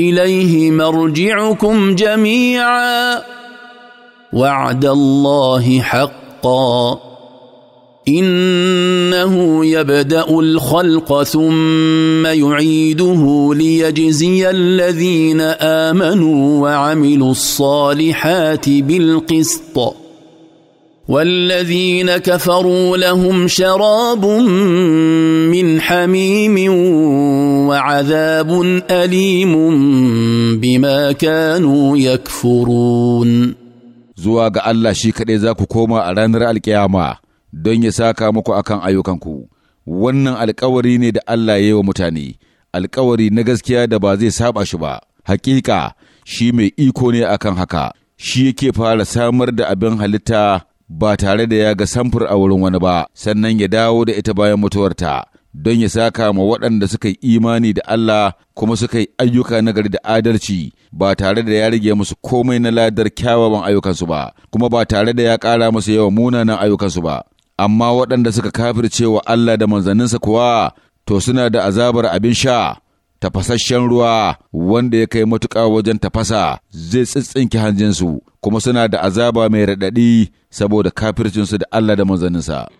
اليه مرجعكم جميعا وعد الله حقا انه يبدا الخلق ثم يعيده ليجزي الذين امنوا وعملوا الصالحات بالقسط والذين كفروا لهم شراب من حميم وعذاب أليم بما كانوا يكفرون zuwa ga Allah shi kaɗai za ku koma a ranar alkiyama don ya saka muku akan ayyukanku wannan alkawari ne da Allah ya yi wa mutane alkawari na gaskiya da ba zai saba shi ba hakika shi mai iko ne akan haka shi yake fara samar da abin halitta ba tare da ya ga samfur a wurin wani ba sannan ya dawo da ita bayan mutuwarta don ya saka ma waɗanda suka yi imani da Allah kuma suka yi ayyuka nagari da adalci ba tare da ya rage musu komai na ladar kyawawan ayyukansu ba kuma ba tare da ya ƙara musu yawan munanan ayyukansu ba amma waɗanda suka kafir wa Allah da manzanninsa kuwa to suna da azabar abin sha tafasasshen ruwa wanda ya kai matuƙa wajen tafasa zai tsintsinki hanjinsu kuma suna da azaba mai raɗaɗi saboda kafircinsu da Allah da manzanninsa.